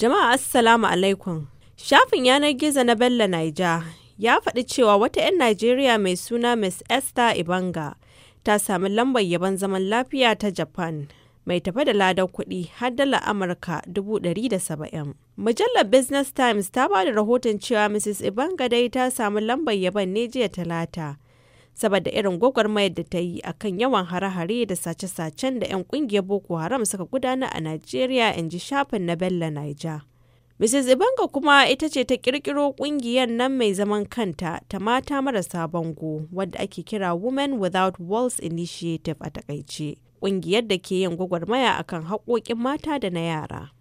Jama'a Assalamu alaikum. Shafin yanar gizo na Bella Naija ya faɗi cewa wata 'yan Najeriya mai suna Miss Esther Ibanga ta sami lambar yaban zaman lafiya ta Japan. Mai tafa da ladar kuɗi har dala Amurka 170. Mujallar Business Times ta ba da rahoton cewa Mrs. Ibanga dai ta sami lambar yaban ne jiya talata. saboda irin gwagwarmayar da ta yi a kan yawan hare-hare da sace-sacen da 'yan kungiyar Boko Haram suka gudana a Najeriya in ji shafin na Bella Naija. Mrs. Ibanga kuma ita ce ta kirkiro kungiyar nan mai zaman kanta ta mata marasa bango wadda ake kira Women Without Walls Initiative a takaice. Kungiyar da ke yin gwagwarmaya akan haƙoƙin mata da na yara.